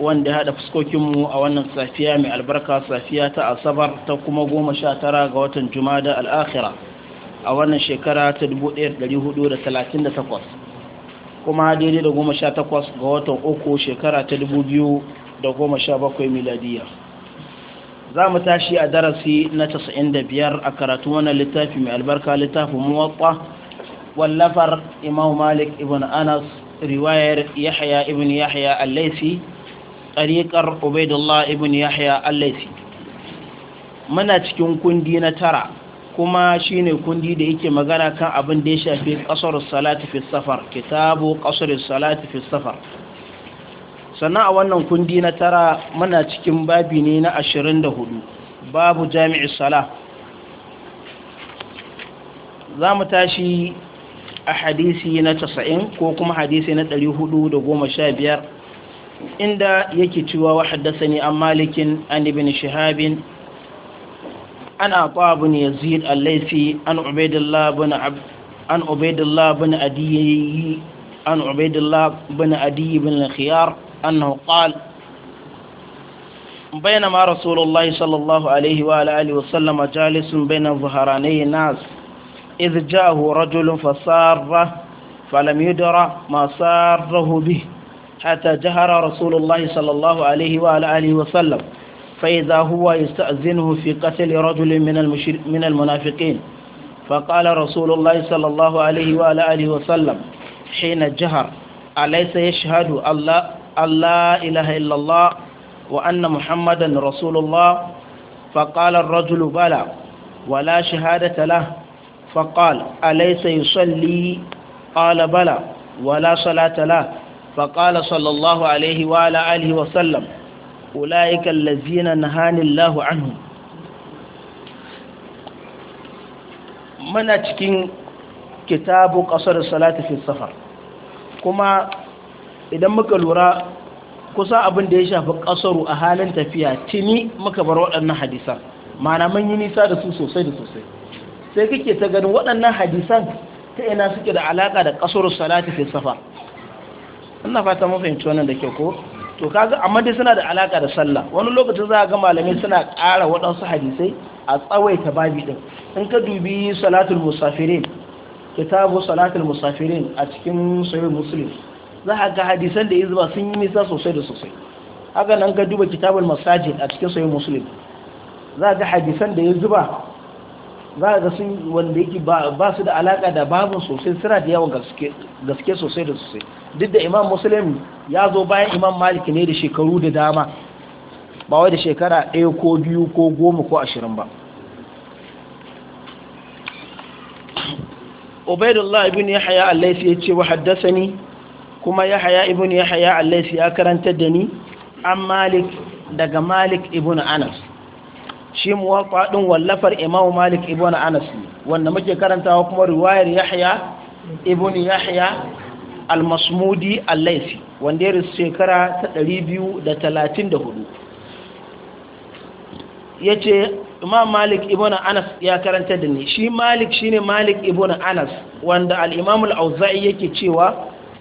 wanda ya haɗa fuskokinmu a wannan safiya mai albarka safiya ta asabar ta kuma goma sha tara ga watan jumada al'akhira a wannan shekara ta 1438 kuma daidai da goma sha takwas ga watan uku shekara ta 2017 miladiya za mu tashi a darasi na 95 a karatu wannan littafi mai albarka littafin muwatsa wallafar imam malik ibn anas riwayar yahya ibn yahya al-laisi tsariƙar ubaidullah ibn yahya allaisi muna cikin kundi na tara kuma shi ne kundi da yake magana kan abin da ya shafi ƙasar Salatu fi safar kitabu kasar salatu fi safar sannan a wannan kundi na tara muna cikin babi ne na ashirin da hudu, babu jami'i sala za mu tashi a hadisi na 90 ko kuma hadisi na 415 inda yake cewa wa haddasani an malikin an ibn shihabin an aqwa yazid al-laythi an ubaidullah ibn an ubaidullah ibn adiyi an ubaidullah ibn adiyi ibn al-khiyar annahu qala بينما رسول الله صلى الله عليه وآله وسلم جالس بين ظهراني ناس إذ جاءه رجل فساره فلم يدر ما ساره به حتى جهر رسول الله صلى الله عليه وعلى آله وسلم فإذا هو يستأذنه في قتل رجل من, المشر... من المنافقين فقال رسول الله صلى الله عليه وعلى آله وسلم حين جهر أليس يشهد الله الله إله إلا الله وأن محمدا رسول الله فقال الرجل بلى ولا شهادة له فقال أليس يصلي قال بلى ولا صلاة له فقال صلى الله عليه وعلى آله وسلم أولئك الذين نهاني الله عنهم من أتكين كتاب قصر الصلاة في السفر كما إذا lura kusa abin da ya shafi kasaru a halin tafiya tuni muka bar waɗannan hadisan mana mun yi nisa da su sosai da sosai sai kake ta ganin waɗannan hadisan ta ina suke da alaka da kasaru salati fi safar ina fata mun fahimci wannan da ke, ko to kaga amma dai suna da alaka da sallah wani lokacin za ga malamai suna ƙara waɗansu hadisai a tsawaita babi din in ka dubi salatul musafirin kitabu salatul musafirin a cikin sahih muslim za ka ga hadisan da ba sun yi nisa sosai da sosai haka nan ka duba kitabul masajid a cikin sahih muslim za ka ga hadisan da zuba? za a ga sun wanda yake ba su da alaka da babin sosai suna da yawan gaske sosai da sosai duk da imam Musulmi ya zo bayan imam malik ne da shekaru da dama ba wai da shekara ɗaya ko biyu ko goma ko ashirin ba ubaidullah ibn yahya allaisi ya ce wa haddasa ni kuma yahya ibn yahya allaisi ya karanta da ni an malik daga malik ibn anas shi muwaffa wallafar Imam Malik ibn Anas wanda muke karantawa kuma riwayar Yahya ibn Yahya al-Masmudi al-Laythi wanda ya rasu shekara ta 234 ce Imam Malik ibn Anas ya karanta da ni shi Malik shine Malik ibn Anas wanda al-Imam al-Auza'i yake cewa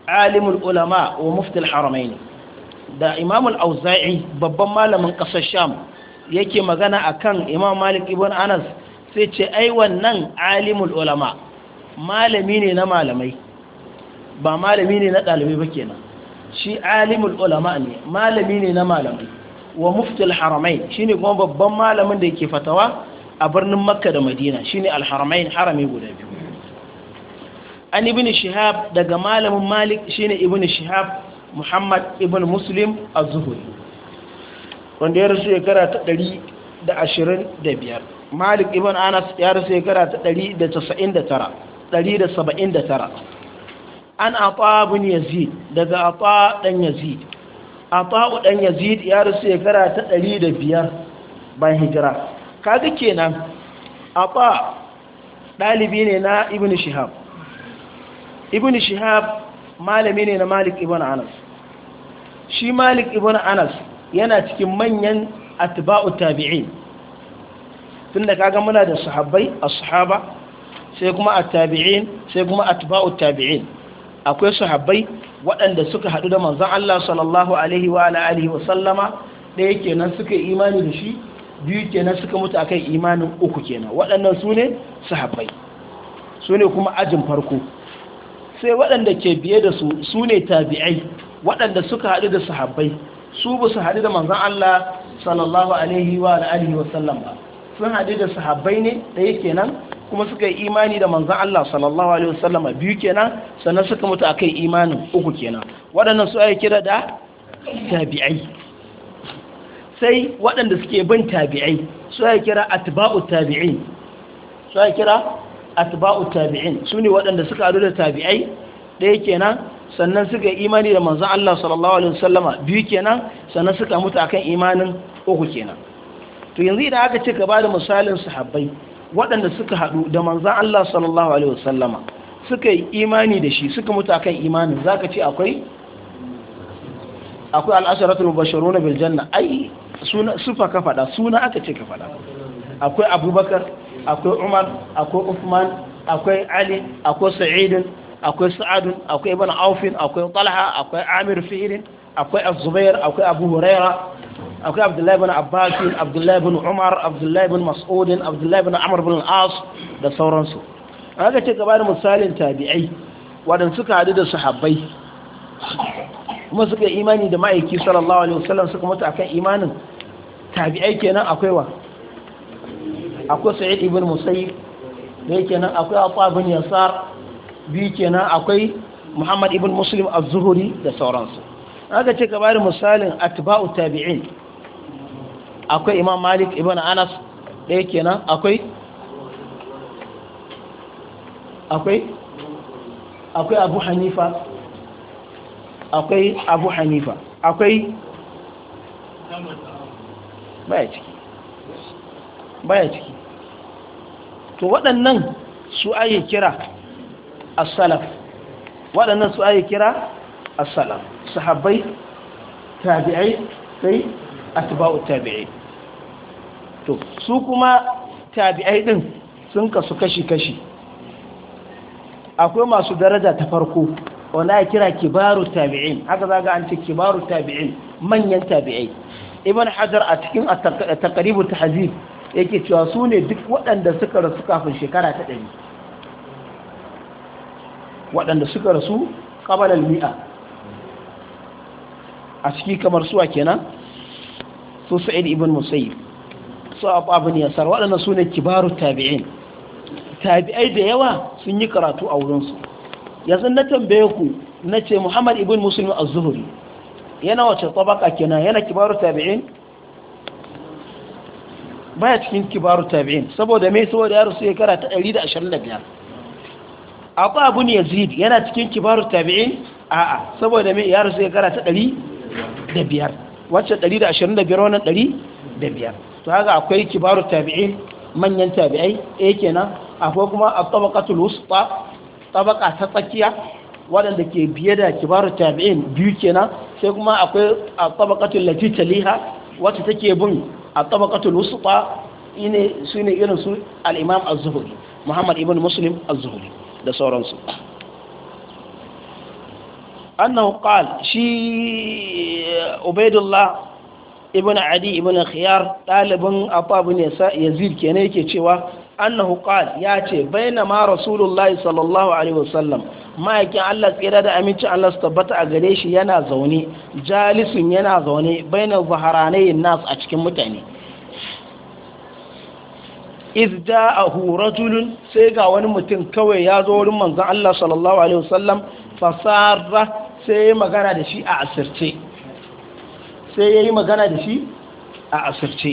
alimul ulama wa mufti al da Imam al-Auza'i babban malamin ƙasar Sham yake magana akan imam malik ibn anas sai ce ai wannan alimul ulama malami ne na malamai ba malami ne na dalibai ba kenan shi alimul ulama ne malami ne na malamai wa muftil haramai shine kuma babban malamin da yake fatawa a birnin makka da madina shine alharamai harami guda biyu an ibn shihab daga malamin malik shine ibn shihab muhammad ibn muslim az-zuhri wanda ya rasu shekara ta ɗari da ashirin da biyar malik ibn anas ya rasu shekara ta ɗari da casa'in da tara ɗari da saba'in da tara an ata bin yazid daga ata ɗan yazid ata ɗan yazid ya rasu shekara ta ɗari da biyar bayan hijira kaga kenan ata ɗalibi ne na ibn shihab ibn shihab malami ne na malik ibn anas shi malik ibn anas yana cikin manyan atba'u tabi'in tunda kaga muna da sahabbai ashaba sai kuma at-tabi'in sai kuma atba'u tabi'in akwai sahabbai waɗanda suka haɗu da manzon Allah sallallahu alaihi wa alihi wa sallama ɗaya kenan suka imani da shi biyu kenan suka mutu akan imanin uku kenan waɗannan su ne sahabbai su ne kuma ajin farko sai waɗanda ke biye da su su ne tabi'ai waɗanda suka haɗu da sahabbai su ba su haɗu da manzan Allah sallallahu alaihi wa alihi wa sallam ba sun haɗu da sahabbai ne da yake nan kuma suka yi imani da manzan Allah sallallahu alaihi wa sallam biyu kenan sannan suka mutu akai imanin uku kenan waɗannan su ake kira da tabi'ai sai waɗanda suke bin tabi'ai su ake kira atba'u tabi'in su ake kira atba'u tabi'in su ne waɗanda suka haɗu da tabi'ai ɗaya kenan sannan suka yi imani da manzan Allah sallallahu alaihi wasallama biyu kenan sannan suka mutu akan imanin uku kenan to yanzu idan aka ce ka ba da misalin sahabbai waɗanda suka haɗu da manzan Allah sallallahu alaihi wasallama suka yi imani da shi suka mutu akan imanin za ka ce akwai akwai al'asharatul mubashiruna na biljanna ai suna sufa ka faɗa suna aka ce ka faɗa akwai abubakar akwai umar akwai uthman akwai ali akwai sa'idin akwai sa'adun akwai ibn aufin akwai talha akwai amir fi'ilin akwai az-zubair akwai abu huraira akwai abdullahi ibn abbas abdullahi ibn umar abdullahi ibn mas'ud abdullahi ibn amr ibn al-as da sauransu haka ce gaba da misalin tabi'ai wadanda suka hadu da sahabbai kuma suka imani da ma'aiki sallallahu alaihi wasallam suka mutu akan imanin tabi'ai kenan akwai wa akwai sa'id ibn musayyib da yake nan akwai abu abin yasar biyu kenan akwai muhammad ibn muslim az-zuhuri da sauransu aka ce ka bari misalin atba'u tabi'in akwai imam malik ibn anas ɗaya kenan akwai akwai akwai abu hanifa akwai abu hanifa akwai baya ciki baya ciki to waɗannan su ayi kira as-salaf waɗannan su ayi kira as-salaf sahabbai tabi'ai sai atba'u tabi'i to su kuma tabi'ai din sun kasu kashi-kashi akwai masu daraja ta farko wanda ya kira kibaru tabi'in haka zaga an ce kibaru tabi'in manyan tabi'ai ibn hajar a cikin taqribu tahzib yake cewa su ne duk waɗanda suka rasu kafin shekara ta ɗari waɗanda suka rasu ƙabalar mi'a a ciki kamar suwa kenan su sa'id ibn musayyib su abu ne yasar waɗanda su ne kibaru tabi'in tabi'ai da yawa sun yi karatu a wurinsu yanzu na tambaye ku na ce muhammad ibn musulmi a zuhuri yana wace tsabaka kenan yana kibaru tabi'in baya cikin kibaru tabi'in saboda mai saboda ya rasu ya karata 125 akwai abu ne yazid yana cikin kibaru tabi'in a'a saboda mai yaro sai gara ta biyar wacce 125 wannan biyar to haka akwai kibaru tabi'in manyan tabi'ai yake eh nan akwai kuma a tabaka wusta tabaka ta tsakiya waɗanda ke biye da kibaru tabi'in biyu ke nan sai kuma akwai a tabaka tulati taliha wacce take bin a tabaka wusta su ne irin su al-imam zuhri muhammad ibn muslim al zuhri da sauransu annahu qal shi eh, ubaidullah ibn adi ibn khiyar ɗalibin abu ne yazid kenan yake cewa annahu qal ya ce bainama rasulullahi sallallahu alaihi wasallam ma'aikin Allah tsira da aminci Allah su tabbata a gare shi yana zaune jalisun yana zaune baina zaharanayin nas a cikin mutane izda a rajulun sai ga wani mutum kawai ya zo wurin manzan Allah sallallahu Alaihi wasallam fasara sai ya magana da shi a asirce sai ya yi magana da shi a asirce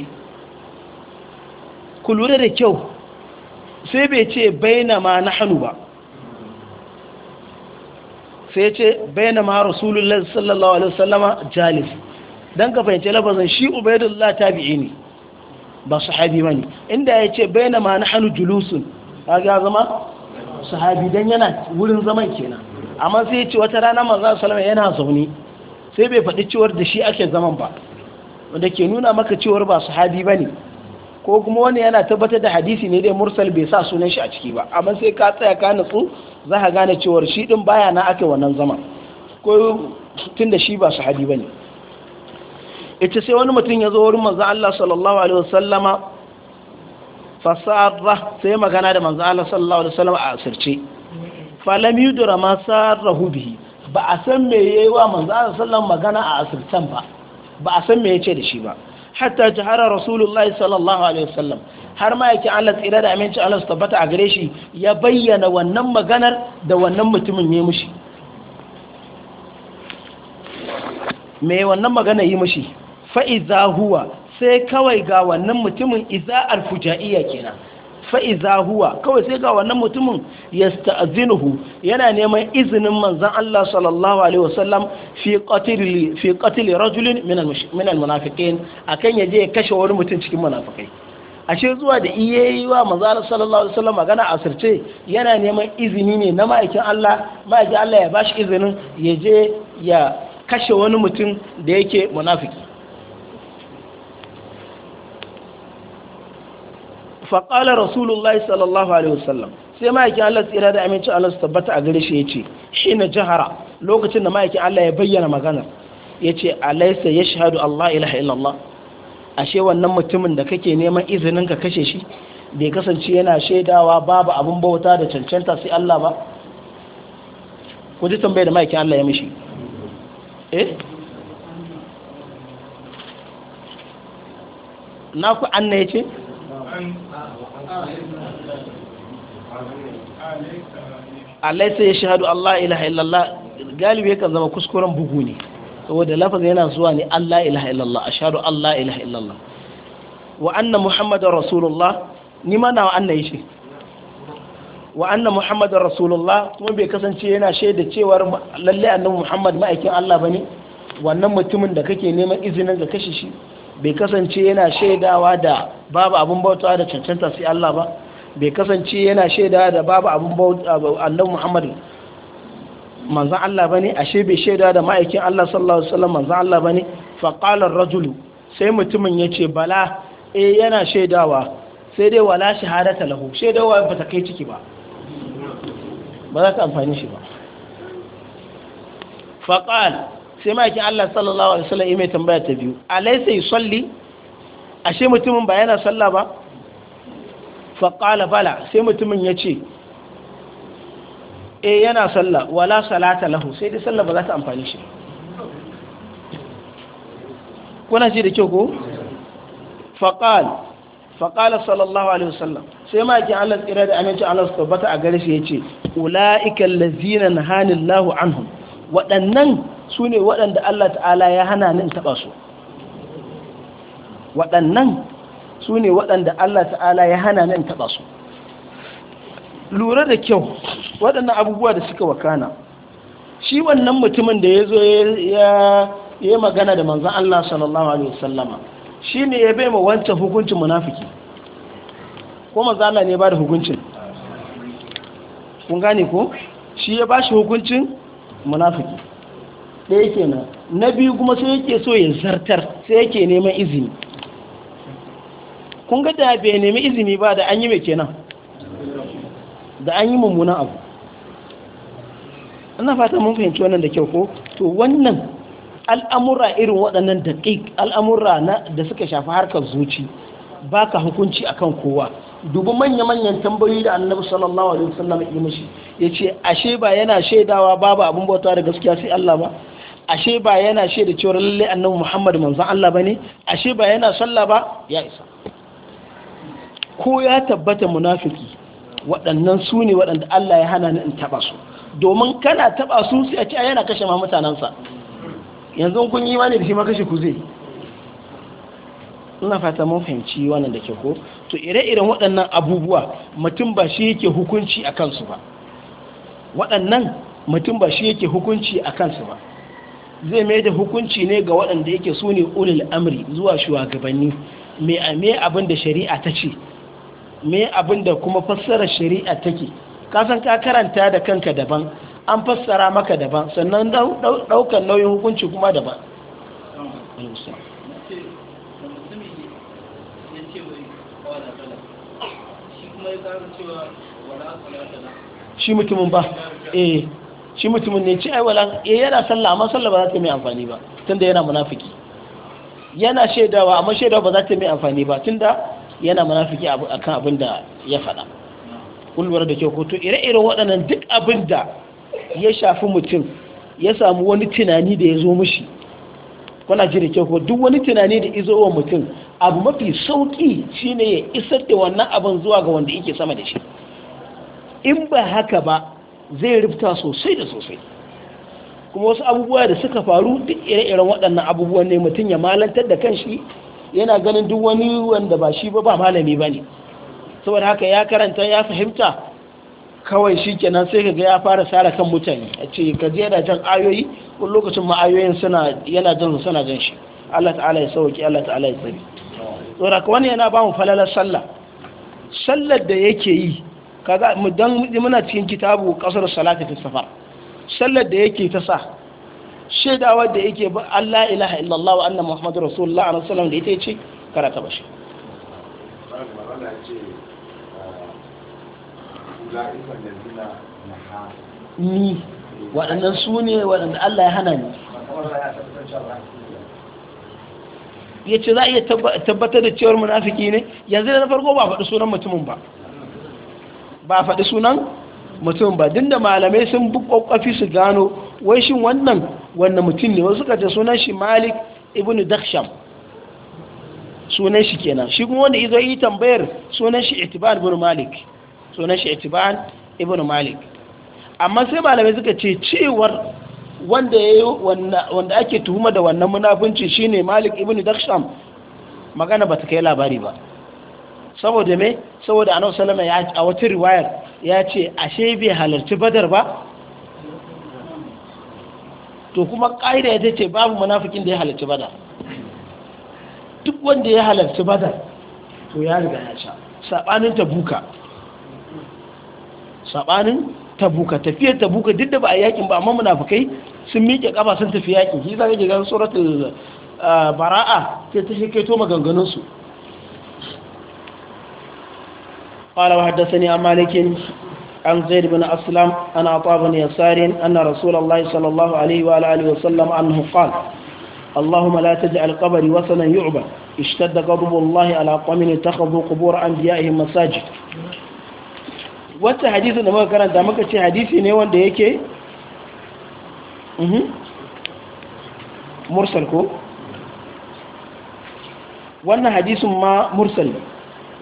ku lura da kyau sai bai ce baina ma na hannu ba sai ce baina ma rasulullah sallallahu Alaihi wasallama jalis don ka fahimci labarin shi ubaidullah tabi'i ne ba sahabi bane inda ya ce baina ma hannu julusun ga zama sahabi dan yana wurin zaman kenan amma sai ya ce wata rana manzo salama yana zaune sai bai faɗi cewar da shi ake zaman ba wanda ke nuna maka cewar ba sahabi bane ko kuma wani yana tabbatar da hadisi ne dai mursal bai sa sunan shi a ciki ba amma sai ka tsaya ka nutsu za ka gane cewar shi din baya na ake wannan zaman ko tun da shi ba sahabi ne ita sai wani mutum ya zo wurin manzo Allah sallallahu alaihi wasallama sarra sai magana da manzo Allah sallallahu alaihi wasallama a asirce lam yudra ma sarrahu bihi ba a san me yayi wa manzo Allah sallallahu magana a asirtan ba ba a san me yace da shi ba hatta jahara rasulullahi sallallahu alaihi wasallam har ma yake Allah tsira da aminci Allah su tabbata a gare shi ya bayyana wannan maganar da wannan mutumin ya mushi me wannan magana yi mushi fa'iza huwa sai kawai ga wannan mutumin iza alfujaiya kenan fa'iza huwa kawai sai ga wannan mutumin ya yana neman izinin manzan Allah sallallahu Alaihi wasallam fi katili rajulin minal munafiqin akan yaje yaje ya kashe wani mutum cikin munafikai ashe zuwa da iya yi wa manzan sallallahu Alaihi wasallam magana a sirce yana neman izini ne na ma'aikin Allah ma'aikin Allah ya bashi izinin ya je ya kashe wani mutum da yake munafiki faƙala rasulullahi sallallahu alaihi wasallam sai ma'aikin Allah tsira da amincin Allah su tabbata a gare shi ya ce shi na jihara lokacin da ma'aikin Allah ya bayyana magana ya ce alaisa ya shahadu Allah ilaha illallah ashe wannan mutumin da kake neman izinin ka kashe shi bai kasance yana shaidawa babu abin bauta da cancanta sai Allah ba ku ji tambayar da ma'aikin Allah ya mishi eh? na ku anna ya ce alaisa ya shahadu Allah ilaha illallah galibi yakan zama kuskuren bugu ne saboda lafazin yana zuwa ne Allah ilaha illallah shahadu Allah ilaha illallah wa anna muhammadar rasulullah ni ma nawa anna yace wa anna muhammadar rasulullah kuma bai kasance yana shaida cewar lalle annabi muhammad ma'aikin Allah bane wannan mutumin da kake neman izinin ga kashe shi bai kasance yana shaidawa da babu abin bautawa da cancanta sai Allah ba bai kasance yana shaidawa da babu abin bautawa Allah Muhammad manzan Allah bane ashe bai shaidawa da ma'aikin Allah sallallahu alaihi wasallam manzan Allah bane fa qala ar-rajulu sai mutumin yace bala eh yana shaidawa sai dai wala shahadata lahu shaidawa ba ta kai ciki ba ba za ka amfani shi ba qala sai ma'aikin Allah sallallahu alaihi wasallam ya tambaya ta biyu salli a ashe mutumin ba yana sallah ba Faƙala bala sai mutumin ya ce eh yana sallah wala salata lahu sai dai sallah ba za ta amfani shi kuna ce da kyau ko Faƙal. Faƙala sallallahu alaihi wasallam sai ma yake Allah tsira da aminci Allah su tabbata a gare shi yace ulaiikal ladzina nahanallahu anhum waɗannan su ne waɗanda Allah ta'ala ya hana ni in taɓa su waɗannan su ne waɗanda Allah ta'ala ya hana ni in taɓa su lura da kyau waɗannan abubuwa da suka wakana shi wannan mutumin da ya zo ya yi magana da manzan Allah sallallahu alaihi wasallama shi ne ya bai ma wancan hukuncin munafiki ko manzan ne ba da hukuncin kun gane ko shi ya ba shi hukuncin munafiki ɗaya kenan na biyu kuma sai yake so ya zartar sai yake neman izini kun ga da bai nemi izini ba da an yi mai kenan da an yi mummunan abu ina fata mun fahimci wannan da kyau ko to wannan al'amura irin waɗannan daƙiƙ al'amura da suka shafi harkar zuci ba ka hukunci akan kowa dubi manya-manyan tambayoyi da annabi sallallahu alaihi wasallam ya mishi ya ce ashe ba yana shaidawa babu abin bauta da gaskiya sai Allah ba ashe ba yana shaida cewa lalle annabi Muhammad manzon Allah bane ashe ba yana sallah ba ya isa ko ya tabbata munafiki waɗannan su ne waɗanda Allah ya hana ni in taba su domin kana taba su sai a ce yana kashe ma mutanansa yanzu kun yi imani da shi ma kashe ku zai ina fata mun fahimci wannan da ke ko to ire-iren waɗannan abubuwa mutum ba shi yake hukunci a kansu ba waɗannan mutum ba shi yake hukunci a kansu ba zai mai da hukunci ne ga waɗanda yake su ne ulil amri zuwa shugabanni me abin da shari'a ta ce me abin da kuma fassarar shari'a take kasan ka karanta da kanka daban an fassara maka daban sannan ɗaukar nauyin hukunci kuma daban shi mutumin ba eh shi mutumin ne ci aiwala eh yana sallah amma sallah ba za ta mai amfani ba tunda yana munafiki yana shaidawa amma shaidawa ba za ta mai amfani ba tunda yana munafiki akan abin da ya faɗa kulwar da ke hoto ire-iren waɗannan duk abin da ya shafi mutum ya samu wani tunani da ya zo mishi kuna ji da kyau duk wani tunani da izo wa mutum abu mafi sauki shine ya isar da wannan abin zuwa ga wanda yake sama da shi in ba haka ba zai rufta sosai da sosai kuma wasu abubuwa da suka faru duk ire-iren waɗannan abubuwan ne mutum ya malantar da kanshi yana ganin duk wani wanda ba shi ba ba malami ba ne saboda haka ya karanta ya fahimta kawai shi kenan sai ka ga ya fara sara kan mutane a ce ka je jan ayoyi kun lokacin ma'ayoyin suna yana jan suna jan shi Allah ta'ala ya sauki Allah ta'ala ya tsari to ka wani yana ba mu falalar sallah sallar da yake yi kaga mu dan muna cikin kitabu qasr salati fi safar sallar da yake ta sa shaidawa da yake ba Allah ilaha illallah wa anna muhammadur rasulullah alaihi wasallam da ita ce karata bashi ni waɗannan su ne waɗanda Allah ya hana ni ya ce za a iya tabbatar da cewar munafiki ne yanzu da na farko ba faɗi sunan mutumin ba ba faɗi sunan mutum ba din da malamai sun bi su gano wai shin wannan wannan mutum ne wasu kace sunan shi malik ibn daksham sunan shi kenan shi kuma wanda izo yi tambayar sunan shi itiban ibn malik sunan shi itiban ibn malik amma sai malamai suka ce cewar wanda ya wanda ake tuhuma da wannan munafunci shine malik ibn daksham magana ba ta kai labari ba saboda me saboda anau salama ya a wata riwayar ya ce ashe bai halarci badar ba to kuma ƙa'ida ya ce babu munafikin da ya halarci badar duk wanda ya halarci badar to ya riga ya sha sabanin tabuka sabanin tabuka tafiyar tabuka duk da ba a yakin ba amma munafikai sun miƙe ƙafa sun tafi yakin shi zaka ga suratul bara'a sai ta shi to maganganun su قال وحدثني عن مالك عن زيد بن أسلم أن أعطى بن يسار أن رسول الله صلى الله عليه وآله وسلم عنه قال اللهم لا تجعل قبري وثنا يعبد اشتد غضب الله على قوم اتخذوا قبور أنبيائهم مساجد wata hadisin da muka karanta muka ce hadisi ne wanda yake mhm, mursal ko wannan hadisin ma mursal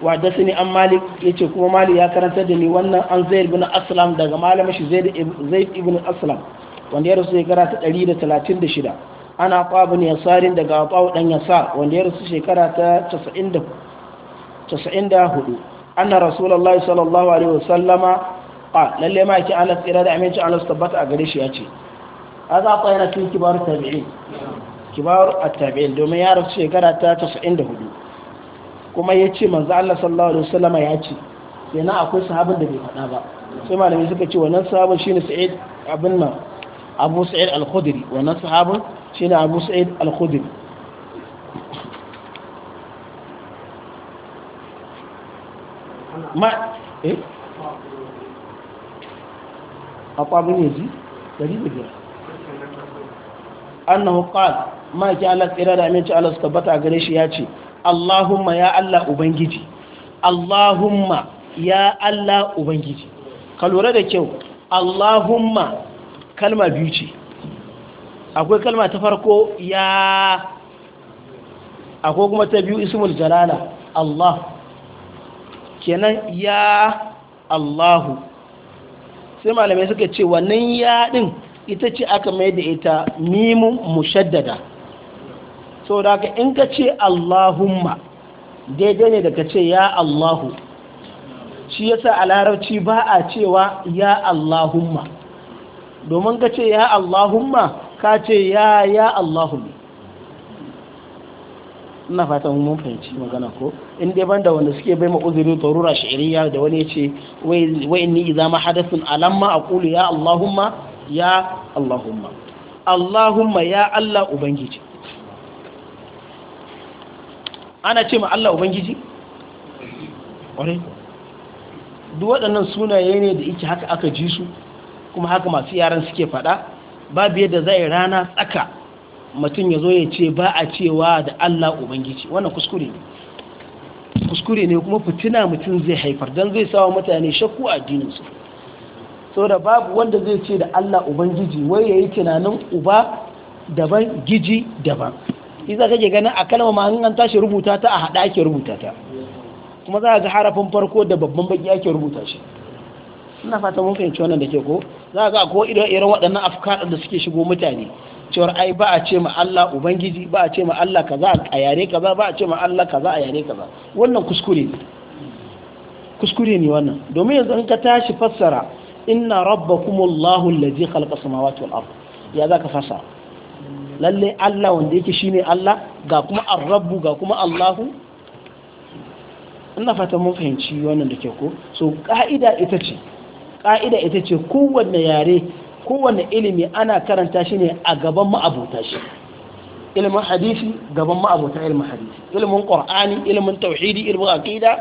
wa da sani an malik ya ce kuma malik ya karanta da ni wannan an zaid ibn aslam daga malamin shi zai ibn aslam wanda ya rasu shekara ta 136 ana qabin yasarin daga qaw dan yasar wanda ya rasu shekara ta 94 Ana rasulullahi sallallahu alaihi wasallama a lalle ma yake Allah tsira da aminci Allah su tabbata a gare shi ya ce aza fa yana cikin kibar tabi'in kibar at-tabi'in domin ya rasu shekara ta 94 kuma yace manza Allah sallallahu alaihi wasallama ya ce yana akwai sahabin da bai faɗa ba sai malamai suka ce wannan sahabin shine Sa'id abin Abu Sa'id al-Khudri wannan sahabin shine Abu Sa'id al ma eh akwabin yaji 500 annahu qala ma ki Allah tsira da aminci ala suka bata gare shi ya ce Allahumma ya Allah ubangiji Allahumma ya Allah ubangiji ka lura da kyau Allahumma kalma biyu ce akwai kalma ta farko ya akwai kuma ta biyu ismul jalala Allah kenan ya Allahu sai malamai suka ce wannan ya din ita ce aka mai da ita mimun mushaddada sau da in ka ce Allahumma daidai ne da ka ce ya Allahu shi yasa a larabci ba a cewa ya Allahumma domin ka ce ya Allahumma ka ce ya ya Allahumma ina fata mun fahimci magana ko in dai banda wanda suke bai ma uzuri darura shi'riya da wani yace wai inni idza ma hadathun alamma aqulu ya allahumma ya allahumma allahumma ya allah ubangiji ana ce ma allah ubangiji ƙwarai duk waɗannan sunaye ne da yake haka aka ji su kuma haka masu yaran suke faɗa babu yadda zai rana tsaka mutum ya zo ya ce ba a cewa da Allah Ubangiji wannan kuskure ne kuskure ne kuma fitina mutum zai haifar don zai sawa mutane shakku a addininsu saboda babu wanda zai ce da Allah Ubangiji wai ya yi tunanin uba daban giji daban isa kake ganin a kalma ma an tashi rubuta ta a haɗa ake rubuta ta kuma za a ga harafin farko da babban baki ake rubuta shi ina fata mun fahimci wannan da ke ko za a ga ko irin waɗannan afkar da suke shigo mutane cewar ai ba a ce ma Allah ubangiji ba a ce ma Allah kaza a yare kaza ba a ce ma Allah kaza a yare kaza wannan kuskure kuskure ne wannan domin yanzu in ka tashi fassara inna rabbakumullahu allazi khalaqa samawati wal ard ya zaka fassara lalle Allah wanda yake shine Allah ga kuma ar-rabbu ga kuma Allahu ina fata mun fahimci wannan da ke ko so ka'ida ita ce ka'ida ita ce kowanne yare kowane ilimi ana karanta shi ne a gaban ma'abuta shi ilimin hadisi gaban ma'abuta ilimin hadisi ilimin qur'ani ilimin tauhidi ilimin aqida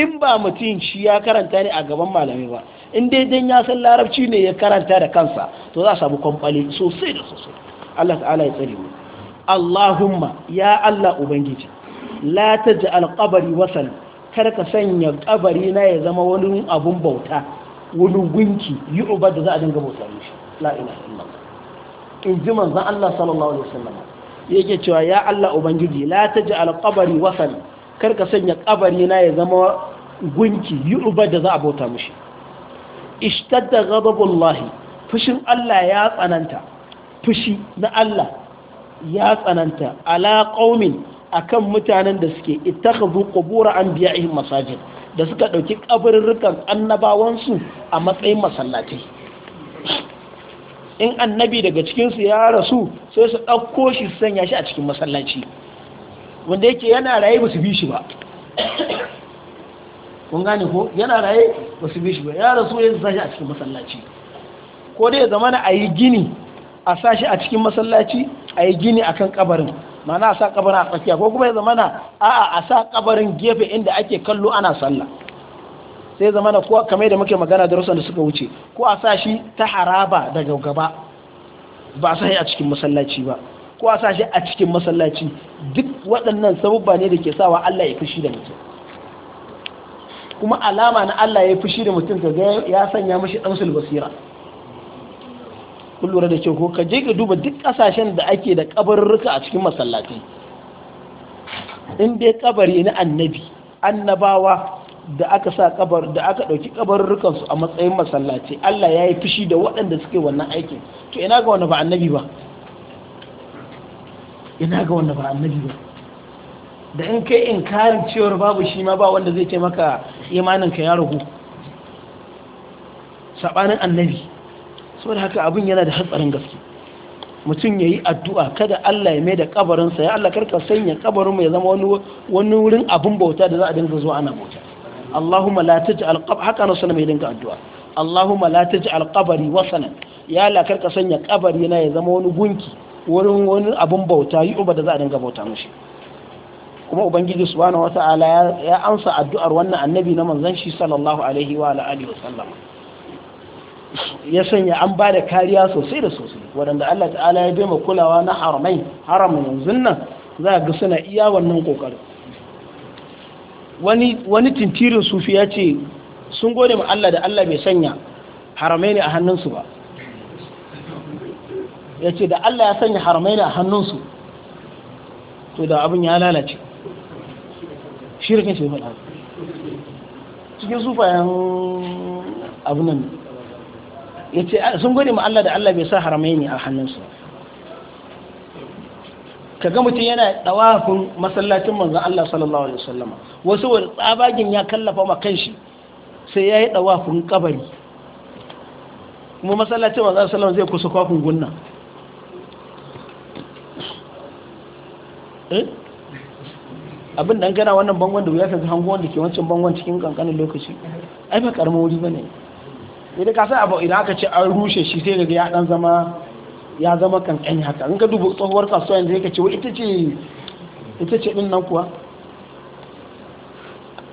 in ba mutum shi ya karanta ne a gaban malami ba in dai dan ya san larabci ne ya karanta da kansa to za a samu kwamfali sosai da sosai Allah ta'ala ya tsare mu Allahumma ya Allah ubangiji la taj'al qabri wasal kar ka sanya kabari na ya zama wani abun bauta wani gunki yi uba da za a dinga bauta mishi la in ji manzon Allah sallallahu alaihi wasallam yake cewa ya Allah ubangiji la taj'al alƙabari wasan kar ka sanya ƙabari na ya zama gunki yu'ba da za a bauta mushi ishtadda ghadabullahi fushin Allah ya tsananta fushi na Allah ya tsananta ala akan mutanen da suke ittakhadhu qubur anbiya'ihim masajin, da suka ɗauki kabarin rukan annabawansu a matsayin masallatai in annabi daga cikinsu ya rasu sai su ɗauko shi su sanya shi a cikin masallaci wanda yake yana raye ba su bi shi ba kun gane ko yana raye ba su bi shi ba ya rasu ya sa shi a cikin masallaci ko dai zama na a yi gini a sa shi a cikin masallaci a yi gini a kan kabarin mana a sa kabarin a tsakiya ko kuma ya zama na a'a a sa kabarin gefe inda ake kallo ana sallah sai zama na kuwa kamar da muke magana darussan da suka wuce ko a sa shi ta haraba daga gaba ba sai a cikin masallaci ba ko a sa shi a cikin masallaci duk waɗannan sabubba ne da ke sawa Allah ya fushi da mutum kuma alama na Allah ya fushi da mutum ka ga ya sanya mashi ɗansul basira kun lura da kyau ko ka je ka duba duk ƙasashen da ake da kabarurruka a cikin masallaci in dai kabari na annabi annabawa da aka sa kabar da aka dauki su a matsayin masallaci Allah ya yi fushi da waɗanda suke wannan aikin to ina ga wanda ba annabi ba ina ga wanda ba annabi ba da in kai karin cewar babu shi ma ba wanda zai ce maka imanin ka ya ragu sabanin annabi saboda haka abin yana da hatsarin gaske mutum ya yi addu'a kada Allah ya mai da kabarinsa ya Allah karka sanya kabarin ya zama wani wurin abin bauta da za a dinga zuwa ana bauta Allahumma la taj'al haka na sallama ya dinga addu'a Allahumma la taj'al qabri ya lakar ka sanya kabari na ya zama wani gunki wurin wani abun bauta yi uba da za a dinga bauta mashi kuma ubangiji subhanahu wata'ala ya amsa addu'ar wannan annabi na manzon shi sallallahu alaihi wa alihi ya sanya an bada kariya sosai da sosai waɗanda Allah ta'ala ya bai kulawa na haramai haramin yanzu nan za ga suna iya wannan kokarin wani wani tintirin sufi ya ce sun gode ma Allah da Allah bai sanya haramai ne a hannunsu ba ya ce da Allah ya sanya haramai ne a hannunsu to da abin ya lalace shirkin shi faɗa cikin sufayen abin nan ya ce sun gode ma Allah da Allah bai sa haramai ne a hannunsu ba. Ka ga mutum yana ɗawafin masallacin manzon Allah sallallahu alaihi wasallama wasu wani tsabagin ya kallafa ma kanshi sai ya yi ɗawafin kabari kuma masallacin manzon sallallahu zai kusa kwafin gunna eh abin da gana wannan bangon da ya ka hango wanda ke wancan bangon cikin kankanin lokaci ai ba karamin wuri bane idan ka sai abu idan aka ce an rushe shi sai ga ya dan zama ya zama kankani haka in ka dubu tsohuwar kasuwa yanzu ya ce ita ce ɗin nan kuwa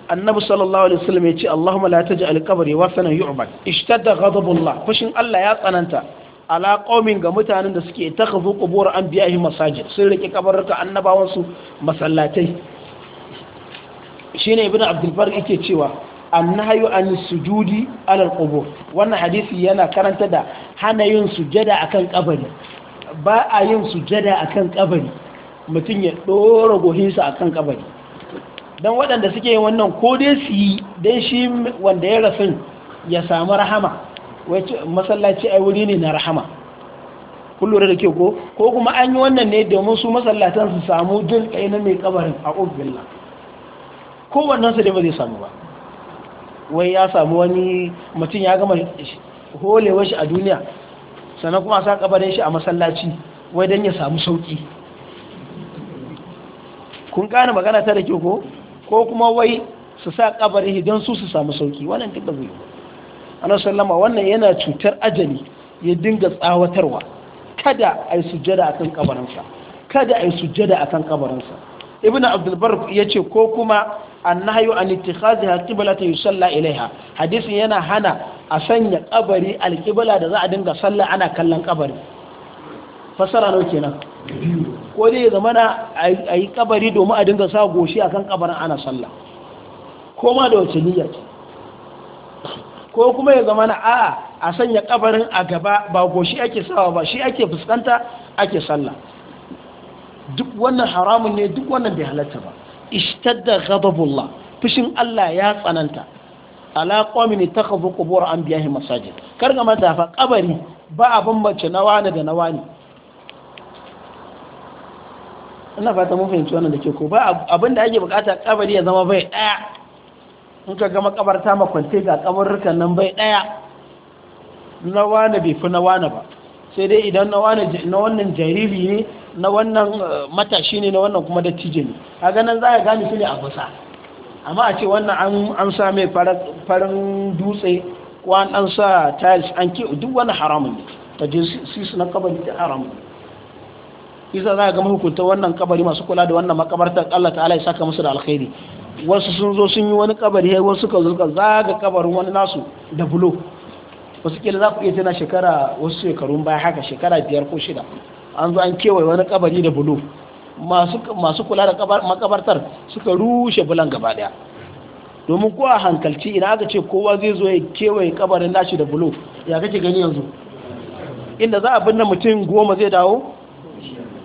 annabi sallallahu alaihi wasallam ya ce Allahumma la taj'al qabri wa sanan yu'bad ishtadda ghadabullah fushin Allah ya tsananta ala ga mutanen da suke takhazu qubur anbiya'i masajid sun rike kabarruka annabawan su masallatai shine ibnu abdul bar yake cewa hayu an sujudi alal qubur wannan hadisi yana karanta da hana yin sujada akan kabari ba a yin sujada akan kabari mutum ya dora gohinsa akan kabari dan waɗanda suke yin wannan ko dai su yi dan shi wanda ya rasin ya samu rahama wace masallaci ai wuri ne na rahama kun da ke ko ko kuma an yi wannan ne domin su masallatan su samu jin kai na mai kabarin a ubbillah ko wannan su dai ba zai samu ba wai ya samu wani mutum ya gama holewa shi a duniya sannan kuma sa kabarin shi a masallaci wai don ya samu sauki kun kana magana ta da ke ko ko kuma wai su sa kabarin shi don su su samu sauki wannan duk da zai yi ana sallama wannan yana cutar ajali ya dinga tsawatarwa kada a yi sujjada kan kabarinsa kada a yi sujjada kan kabarinsa ibn abdulbar ya ce ko kuma annahyu an al qiblatan yusalla ilaiha hadisi yana hana a sanya kabari al-qibla da za a dinga sallah ana kallon kabari fasara nawa kenan ko dai ya zamana ayi kabari domin a dinga sa goshi akan kabarin ana sallah ko ma da wace niyya ko kuma ya zamana a'a a sanya kabarin a gaba ba goshi ake sawa ba shi ake fuskanta ake sallah duk wannan haramun ne duk wannan bai halatta ba Ishtar da ghadabullah fushin Allah ya tsananta ala qawmin an biya anbiya'ihim masajid Kar mata matafa ƙabari ba a mace na wani da na wani ina fata mun fahimci wannan da ke ko ba da ake bukata ƙabari ya zama bai ɗaya in ka ga makabarta makwance ga kabarrukan nan bai ɗaya na wani bai fi na wani ba sai dai idan na wannan jariri ne na wannan eh, matashi ne na wannan kuma dattijo ne a ganin za a gane su ne a kusa amma a ce wannan an sa mai farin dutse ko an an sa tiles an ke duk wani haramun ne ta je su na kabari ta haramun isa za a gama hukunta wannan kabari masu kula da wannan makabartar Allah ta'ala ya saka musu da alkhairi wasu sun zo sun yi wani kabari wasu suka zo suka zaga kabarin wani nasu da bulo wasu kila za ku iya tana shekara wasu shekarun baya haka shekara biyar ko shida an zo an kewaye wani kabari da bulu masu kula da makabartar suka rushe bulan gaba daya domin ko a hankalci ina aka ce kowa zai zo ya kewaye kabarin nashi da bulo ya kake gani yanzu inda za a binne mutum goma zai dawo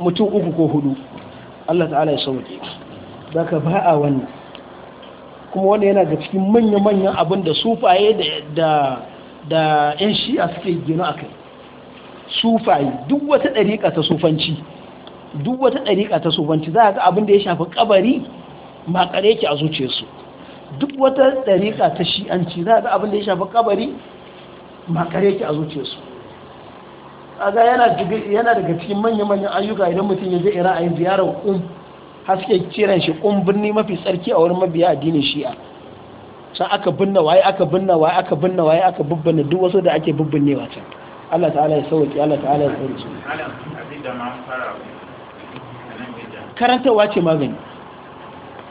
mutum uku ko hudu Allah ta'ala ya sauke za ka ba a wannan kuma wannan yana ga cikin manya-manyan abin da sufaye da da 'yan shi'a suke gino a kai sufayi duk wata ɗariƙa ta sufanci duk wata ɗariƙa ta sufanci za a ga abin da ya shafi ƙabari makare yake a zuciyarsu duk wata ɗariƙa ta shi'anci za a ga abin da ya shafi ƙabari makare yake a zuciyarsu ga yana daga cikin manya-manyan ayyuka idan mutum ya zai ira a yin ziyarar ƙum haske kiran shi ƙun birni mafi tsarki a wurin mabiya addinin shi'a can aka binne waye aka binne waye aka binne waye aka bubbane duk wasu da ake bubbinnewa can Allah ta'ala ya sauki Allah ta'ala ya tsare su karantarwa ce magani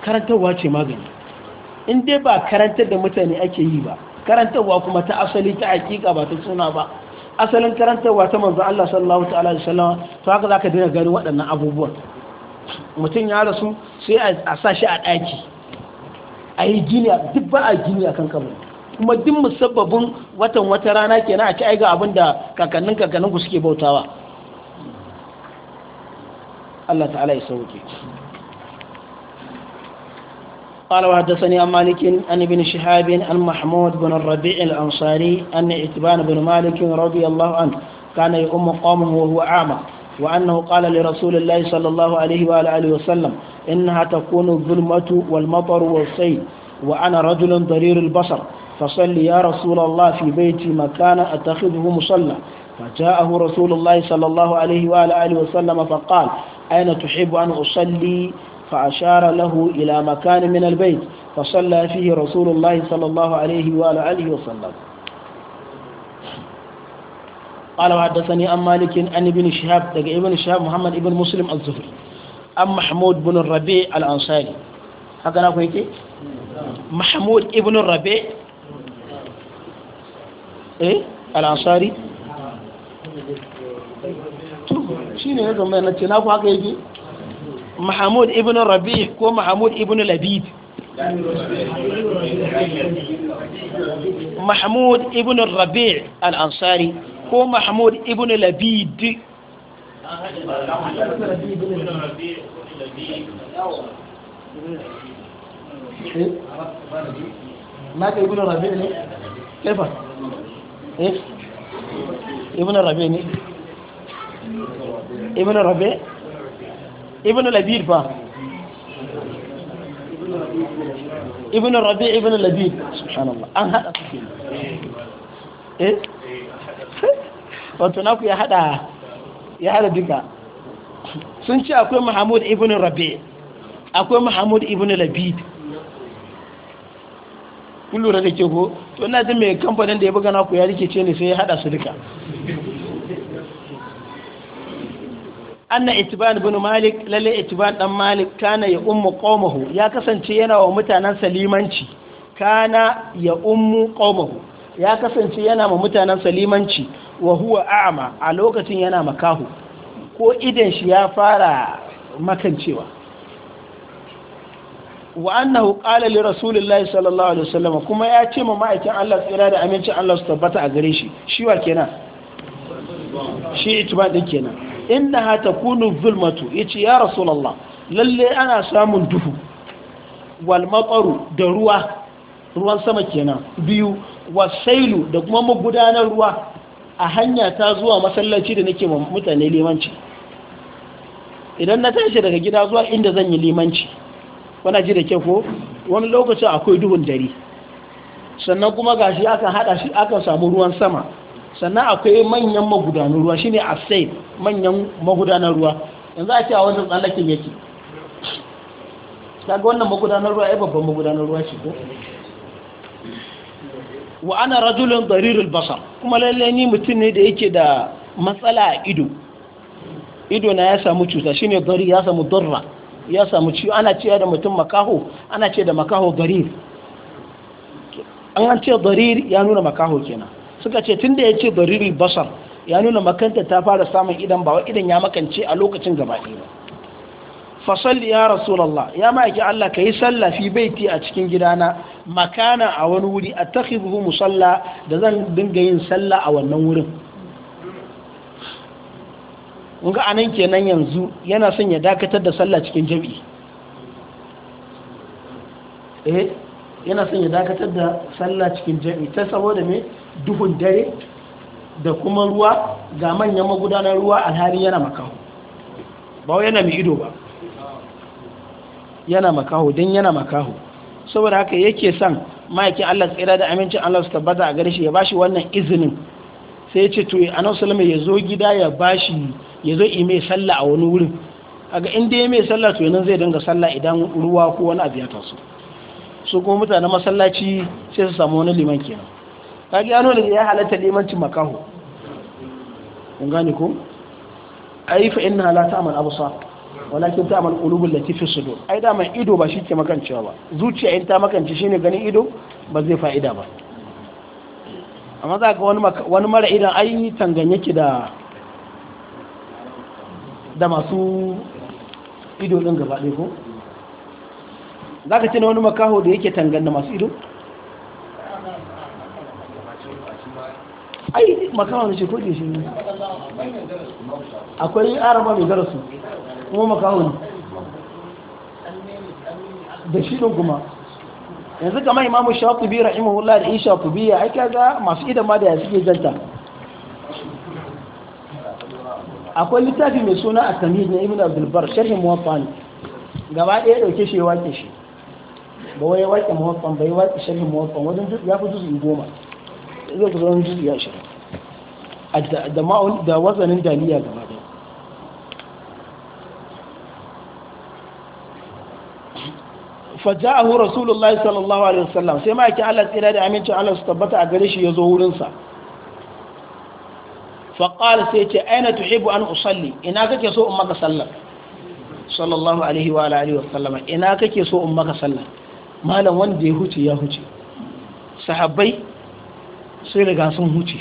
karantarwa ce magani in dai ba karantar da mutane ake yi ba karantarwa kuma ta asali ta hakika ba ta suna ba asalin karantarwa ta manzo Allah sallallahu ta'ala alaihi wasallam to haka zaka dinga gani waɗannan abubuwan mutum ya rasu sai a sa shi a ɗaki a yi gini duk ba a gini a kan kabari kuma duk musabbabin watan wata rana kenan a ci aiga abin da kakannin kakannin ku suke bautawa Allah ta'ala ya sauke قال وحدثني عن مالك عن ابن شهاب عن محمود بن الربيع الأنصاري أن إتبان بن مالك رضي الله عنه كان يؤم قومه وهو أعمى وأنه قال لرسول الله صلى الله عليه وآله وسلم إنها تكون الظلمة والمطر والسيل وأنا رجل ضرير البصر فصل يا رسول الله في بيتي مكان أتخذه مصلى فجاءه رسول الله صلى الله عليه وآله وسلم فقال أين تحب أن أصلي فأشار له إلى مكان من البيت فصلى فيه رسول الله صلى الله عليه وآله وسلم قال وحدثني عن مالك عن ابن شهاب دقى ابن شهاب محمد ابن مسلم الزهري عن محمود بن الربيع الأنصاري هكذا نقول يكي محمود ابن الربيع إيه الأنصاري shi ne ya zama na ce na ku haka yake mahamud ibn rabi ko mahamud ibn labid mahmud ibn rabi al-ansari ko mahmud ibn labid ما ابن ربيع كيف ابن ربيع ابن ربيع ابن لبيد با ابن ربيع ابن لبيد سبحان الله ايه wato naku ya hada ya hada duka sun ce akwai Muhammad ibn Rabi akwai Muhammad ibn Labid kun lura da ke ko to ina jin mai kamfanin da ya buga naku ya ce ne sai ya hada su duka anna itiban ibn malik lalle itiban dan malik kana ya ummu qawmuhu ya kasance yana wa mutanen salimanci kana ya ummu qawmuhu ya kasance yana ma mutanen salimanci wa huwa a'ma a lokacin yana makahu ko idan shi ya fara makancewa wa annahu qala li rasulillahi sallallahu alaihi wasallam kuma ya ce ma ma'aikin Allah tsira da amincin Allah su tabbata a gare shi shi wa kenan shi itba din kenan innaha takunu zulmatu yace ya rasulullah lalle ana samun duhu wal maqaru da ruwa ruwan sama kenan biyu wasailu da kuma magudanar ruwa a hanya ta zuwa masallaci da nake mutane limanci idan na tashi daga gida zuwa inda zan yi limanci wana ji da ke ko wani lokacin akwai duhun dare sannan kuma gashi akan hada shi akan samu ruwan sama sannan akwai manyan magudanar ruwa shine sai manyan magudanar ruwa yanzu a ce a wannan tsallakin yake kaga wannan magudanar ruwa ai babban magudanar ruwa ce ko wa ana rajulun darirul basar kuma lalle ni mutum ne da yake da matsala a ido ido na ya samu cuta shine dari ya samu darra ya samu ciwo ana ce da mutum makaho ana ce da makaho darir an an ce darir ya nuna makaho kenan suka ce tunda ya ce darirul basar ya nuna makanta ta fara samun idan ba idan ya makance a lokacin gaba ɗaya fasalli ya rasulallah ya ma'aiki Allah ka yi sallafi baiti a cikin gidana makana a wani wuri a ta musalla da zan dinga yin salla a wannan wurin ga anan kenan yanzu yana son ya dakatar da salla cikin jami'i. eh yana son ya dakatar da salla cikin jami'i, ta saboda me duhun dare da kuma ruwa ga manyan magudanar ruwa alhari yana makaho ba yana mai ido ba yana makaho don yana makaho saboda haka yake son ma'aikin Allah tsira da amincin Allah su tabbata a gare shi ya bashi wannan izinin sai ya ce to anan sulama ya zo gida ya bashi ya zo ime sallah a wani wurin kaga in dai mai sallah to yanzu zai dinga sallah idan ruwa ko wani abu ya taso su kuma mutane masallaci sai su samu wani liman kenan kaga ya nuna ya halatta limancin makaho kun gane ko ayi fa inna la ta'mal absar walakin ta amal da ke fi sudur ai da mai ido ba shi ke makancewa ba zuciya in ta makance shine ganin ido ba zai fa'ida ba amma za ka wani wani mara idan ai tanganyake da da masu ido din gaba ɗaya ko za ka tina wani makaho da yake tangan da masu ido ai makaho ne shi ko shi akwai araba mai darasu kuma makahuni da shi ɗin kuma yanzu kamar imamu shafubi rahimahullah da isha shafubi ya aika ga masu idan ma da ya suke janta akwai littafi mai suna a tamir na ibn abdulbar sharhin muwaffani gaba ɗaya ɗauke shi ya wake shi ba wai wake muwaffan ba ya wake sharhin muwaffan wajen ya fi zuzu goma zai zo wajen zuzu ya shirin da wazanin daliya gaba faja'ahu rasulullahi sallallahu alaihi wasallam sai ma yake Allah tsira da amincin Allah su tabbata a gare shi yazo wurin sa fa qala sai ce aina tuhibu an usalli ina kake so in maka sallah sallallahu alaihi wa alihi wasallam ina kake so in maka sallah malam wanda ya huce ya huce sahabbai sai riga sun huce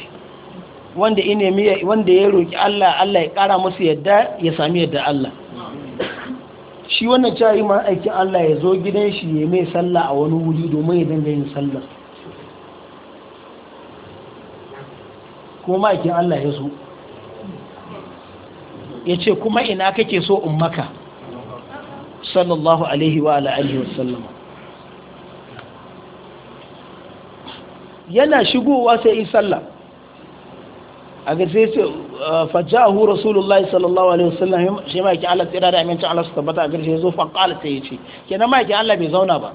wanda ya roki Allah Allah ya kara musu yadda ya sami yadda Allah shi wannan cari ma aikin Allah ya zo gidan shi ya mai sallah a wani wuri domin ya dinga yin sallah kuma aikin Allah ya zo ya ce kuma ina kake so in maka sallallahu alaihi wa wa wasallam yana shigowa sai yi sallah a ga sai fajahu rasulullahi sallallahu alaihi wasallam shi ma yake Allah tsira da amincin Allah su tabbata a garshe zo fa qala sai yace kenan ma yake Allah bai zauna ba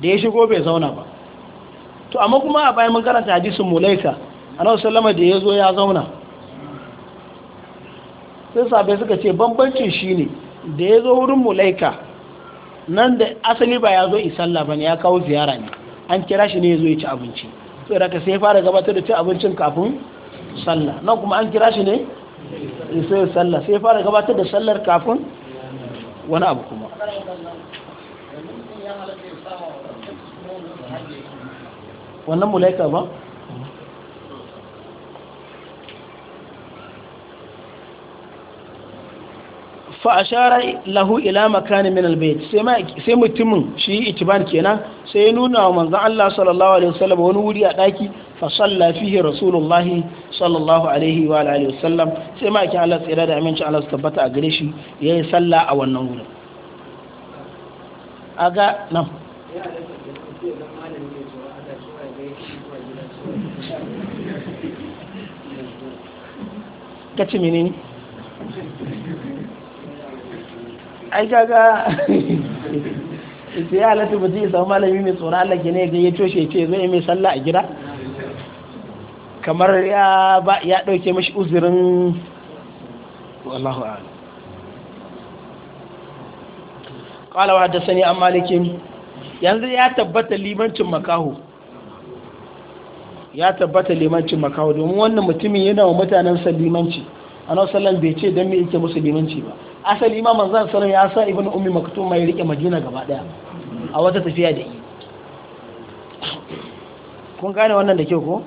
da ya shigo bai zauna ba to amma kuma a bayan mun karanta hadisin mulaika annabi sallama da ya zo ya zauna sai sabai suka ce bambancin shine da ya zo wurin mulaika nan da asali ba ya zo isalla bane ya kawo ziyara ne an kira shi ne ya zo ya ci abinci sai da ka sai fara gabatar da ci abincin kafin sallah nan kuma an kira shi ne isayar sallah sai fara gabatar da sallar kafin wani abu kuma wannan mulaika ba Fa ashara lahu ila makani min albayt sai mutumin shi itiban kenan sai ya nuna wa manzon Allah sallallahu alaihi wasallam wani wuri a daki fa salla fihi rasulullahi sallallahu alaihi wa alihi wasallam sai ma yake Allah tsira da aminci Allah su tabbata a gare shi yayi sallah a wannan wurin aga nan kace menene ai kaga sai ya halatta ba zai samu malami mai tsoron Allah ke ne ga ya toshe ce zai yi mai sallah a gida kamar ya ɗauke mashi uzurin wallahu ala qala da sani an malikin yanzu ya tabbata limancin makaho ya tabbata limancin makaho domin wannan mutumin yana wa mutanen salimanci. a nan sallan bai ce don me yake musu limanci ba asali ma manzan sallan ya sa ibnu ummi maktum mai rike madina gaba daya a wata tafiya da yi kun gane wannan da kyau ko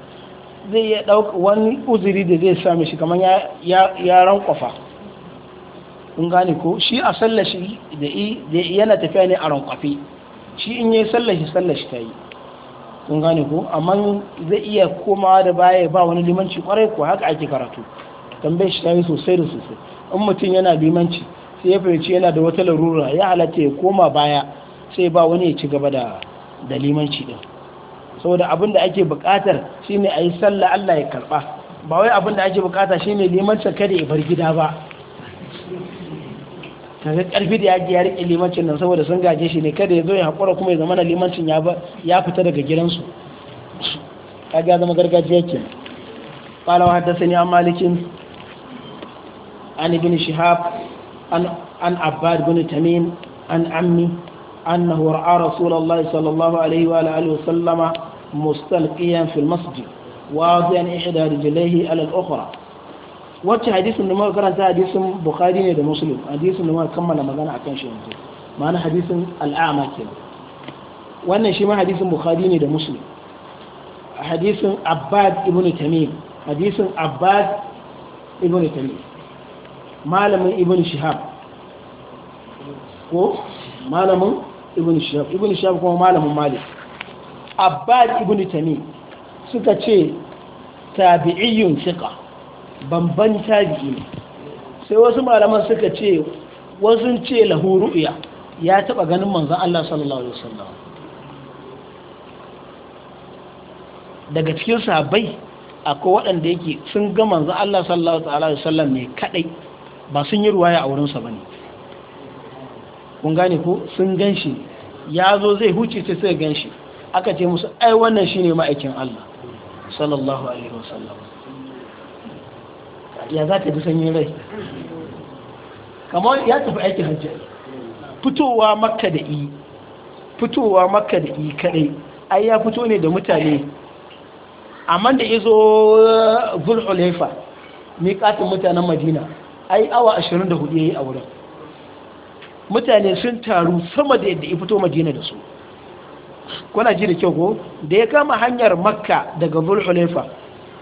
zai ya ɗauka wani uzuri da zai same shi kamar ya rankwafa kun gane ko shi a sallashi da yana tafiya ne a rankwafe shi in yi sallashi sallashi ta yi kun gane ko amma zai iya komawa da baya ba wani limanci kwarai ko haka ake karatu tambayi shi ta yi sosai da sosai in mutum yana limanci sai ya fahimci yana da wata larura ya halatta ya koma baya sai ba wani ya ci gaba da limanci din saboda abin da ake bukatar shine a yi sallah Allah ya karɓa. ba wai abin da ake bukata shine limancin kada ya bar gida ba kaga karfi da yaji ya rike limancin nan saboda sun gaje shi ne kada ya zo ya hakura kuma ya zama na limancin ya fita daga gidansu kaga zama gargajiya ke qala wa haddathani an malikin an ibn shihab an an abbad bin tamim an ammi annahu ra'a rasulullahi sallallahu alaihi wa alihi wa sallama mustalqiyan fil masjid wadiyan ihda rijlaihi ala al-ukhra wacce hadisin da muka karanta hadisin bukhari ne da muslim hadisin da muka kammala magana akan shi yanzu ma'ana hadisin al'ama kenan wannan shi ma hadisin ne da muslim hadisin abbad ibn tamim hadisin abbad ibn malamin ko malamin ibn shihab ibn shihab kuma malamin malik abbad ibn tami suka ce tabi'iyyun thiqa bamban tabi'i ne sai wasu malaman suka ce wasu ce lahu ru'ya ya taba ganin manzon Allah sallallahu alaihi wasallam daga cikin sahabbai akwai waɗanda yake sun ga manzon Allah sallallahu alaihi wasallam ne kadai ba sun yi ruwaya a wurinsa ba ne kun gane ko sun ganshi. ya zo zai huce sai sai ganshi. aka ce musu ai wannan shi ne ma'aikin Allah sallallahu alaihi wasallam ya za ka ji sanyin rai kamar ya tafi aikin hajji fitowa makka da i fitowa makka da i kadai ai ya fito ne da mutane amma da izo mai katin mutanen madina ai awa 24 yayi a wurin mutane sun taru sama da yadda ya fito madina da su kuna ji da kyau ko da ya kama hanyar makka daga zulhulaifa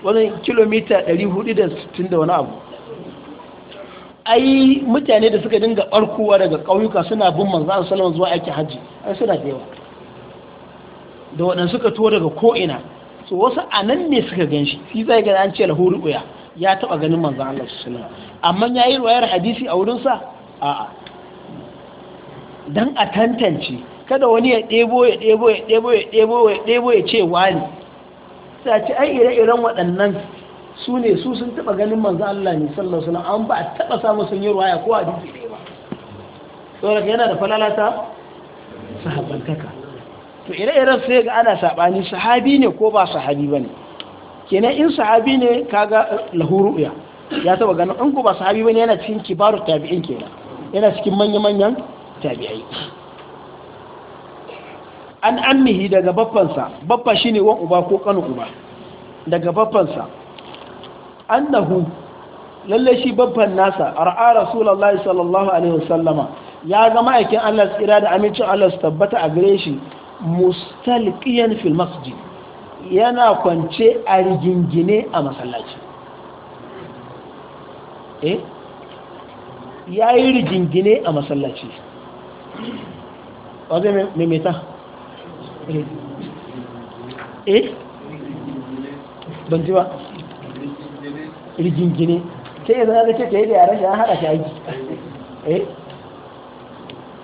wani kilomita 460 da wani abu ai mutane da suka dinga barkowa daga ƙauyuka suna bin manzan salama zuwa aiki hajji ai suna da yawa da waɗanda suka tuwo daga ko'ina su wasu a nan ne suka gan shi fi zai gani an ce lahuri ɓuya ya taɓa ganin manzan Allah su salama amma ya yi ruwayar hadisi a wurinsa a'a don a tantance kada wani ya ɗebo ya ɗebo ya ɗebo ya ɗebo ya ɗebo ya ce wani sai ce ai ire-iren waɗannan su ne su sun taɓa ganin manzo Allah ne sallallahu alaihi wasallam an ba a taɓa samu sun yi ruwaya ko a duk ɗaya ba saboda yana da falalata sahabbantaka to ire-iren sai ga ana saɓani sahabi ne ko ba sahabi ba ne kenan in sahabi ne kaga lahuru ya ya taɓa ganin in ko ba sahabi ba ne yana cikin kibaru tabi'in kenan yana cikin manya-manyan tabi'ai an amihi daga baffansa baffa shine wan uba ko kanu uba daga baffansa annahu lalle shi babban nasa ra'a rasulullahi sallallahu alaihi wasallama ya ga ma'aikin Allah tsira da amincin Allah su tabbata a gare shi mustalqiyan fil masjid yana kwance a rigingine a masallaci eh yayi rigingine a masallaci wajen maimaita eh ban ji ba rigingine sai yanzu na ce ta yi da yaran shi an haɗa shi aiki eh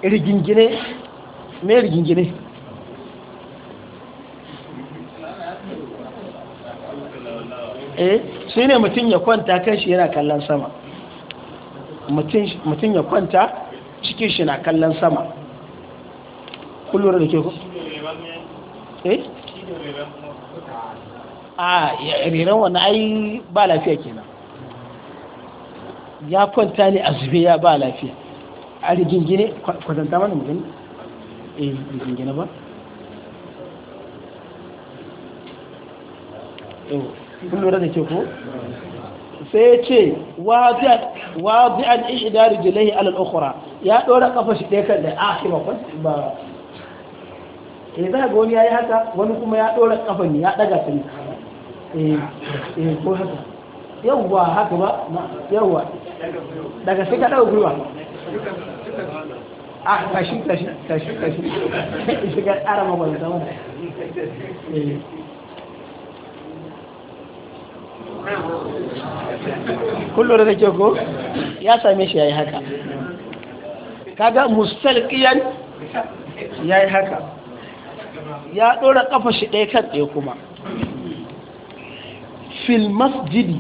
rigingine me rigingine eh shi ne mutum ya kwanta kan shi yana kallon sama mutum ya kwanta cikin shi na kallon sama kullum da ke ku eh a reran wani ai ba lafiya kenan ya kwanta ne a zube ya ba lafiya a rigingine kwatanta mana mutum eh rigingine ba kun lura da ke ko sai ce wazi an ishi da rigilai alal ukhra ya ɗora kafa shi ɗaya kan da a ba eh za ga wani ya yi haka wani kuma ya ɗora kafan ya ɗaga ta ne eh, eh ko haka yawwa haka ba yawwa daga sai ka ɗaga gwiwa ah kashi kashi kashi kashi shi ga ƙara mabalata wani eh kullum da ke ko ya same shi ya yi haka kaga mustalƙiyan ya yi haka ya ɗora ƙafa shi ɗaya kan ɗaya kuma fil masjidi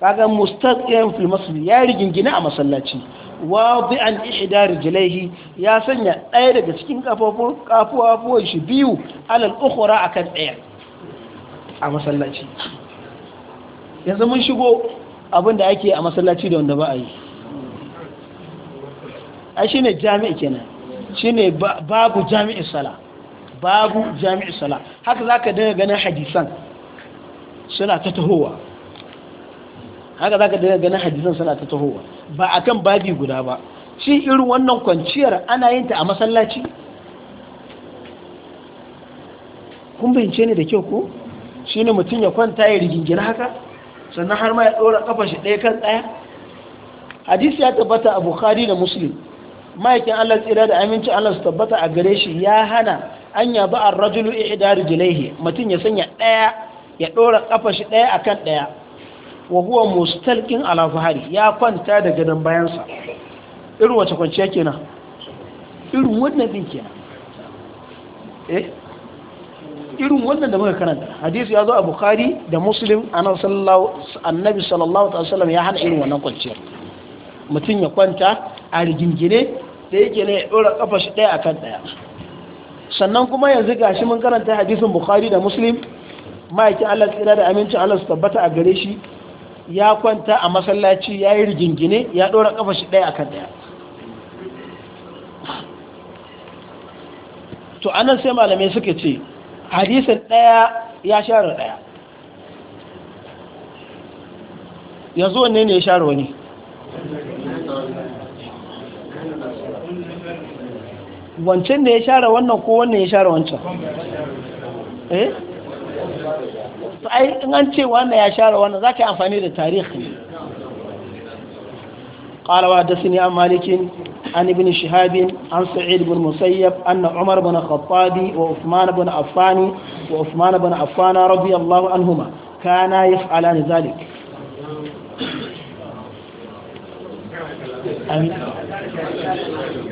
kaga mustaqiyan fil masjidi ya rigingina a masallaci Wa bi an ihdar rijlaihi ya sanya ɗaya daga cikin kafofin kafuwa shi biyu alal ukhra akan ɗaya a masallaci yanzu mun shigo abinda ake a masallaci da wanda ba a yi a shine jami'i kenan shine babu jami'i sala babu jami'i sala haka za ka daga ganin hadisan suna ta tahowa haka za ka daga ganin hadisan suna ta tahowa ba a kan babi guda ba shi irin wannan kwanciyar ana yin ta a masallaci kun bayance ne da kyau ko shi ne mutum ya kwanta ya rigingina haka sannan har ma ya ɗora ƙafa shi ɗaya kan ɗaya hadisi ya tabbata a bukhari da muslim ma'aikin allah tsira da aminci allah su tabbata a gare shi ya hana an yaba a rajulu da rijlaihi mutum ya sanya ɗaya ya ɗora ƙafa shi a akan ɗaya, wa huwa mustalqin ala zahari ya kwanta da gadon bayansa irin wace kwanciya kenan irin wannan din kenan eh irin wannan da muka karanta hadisi ya zo a bukari da muslim annabi sallallahu alaihi sallam ya hana irin wannan kwanciyar mutum ya kwanta a rigingine da yake ne ya ɗora ƙafa shi a akan ɗaya. sannan kuma yanzu gashi mun karanta hadisin bukhari da muslim ma'aikin allah tsira da amincin allah su tabbata a gare shi ya kwanta a masallaci ya yi rigingine ya ɗora ƙafa shi ɗaya akan ɗaya to anan sai malamai suka ce hadisin ɗaya ya share ɗaya yanzu wanne ne ya share wani wancan da ya share wannan ko wannan ya share wancan eh ai in an ce wannan ya share wannan zaka yi amfani da tarihi qala wa dasni am malikin an ibn shihab an sa'id ibn musayyab an umar ibn khattabi wa bin Afani, affani wa usman ibn affana radiyallahu anhuma kana yaf'alan zalik amin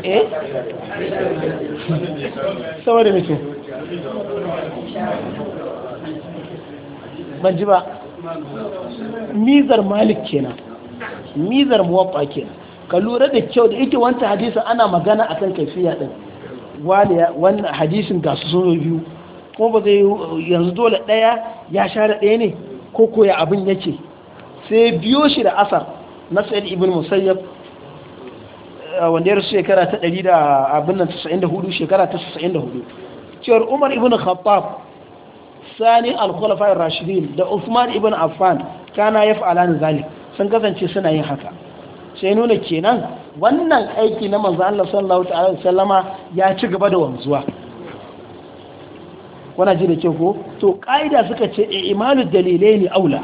eh ban ji ba mizar malik kenan mizar muwaffa kenan ka lura da kyau da ita wancan hadisa ana magana akan kaifiya din wani hadisin ga su sun biyu kuma ba zai yanzu dole ɗaya ya share ɗaya ne ko koya abin yake sai biyo shi da asar na da ibn musayyab wanda ya rasu shekara ta ɗari da abin nan hudu shekara ta hudu cewar Umar ibn Khattab sani al-khulafa rashidin da Usman ibn Affan kana yaf'alan zalik sun kasance suna yin haka sai nuna kenan wannan aiki na manzo Allah sallallahu alaihi wasallama ya ci gaba da wanzuwa wana ji da ke ko to ka'ida suka ce e, imanu dalilai ne aula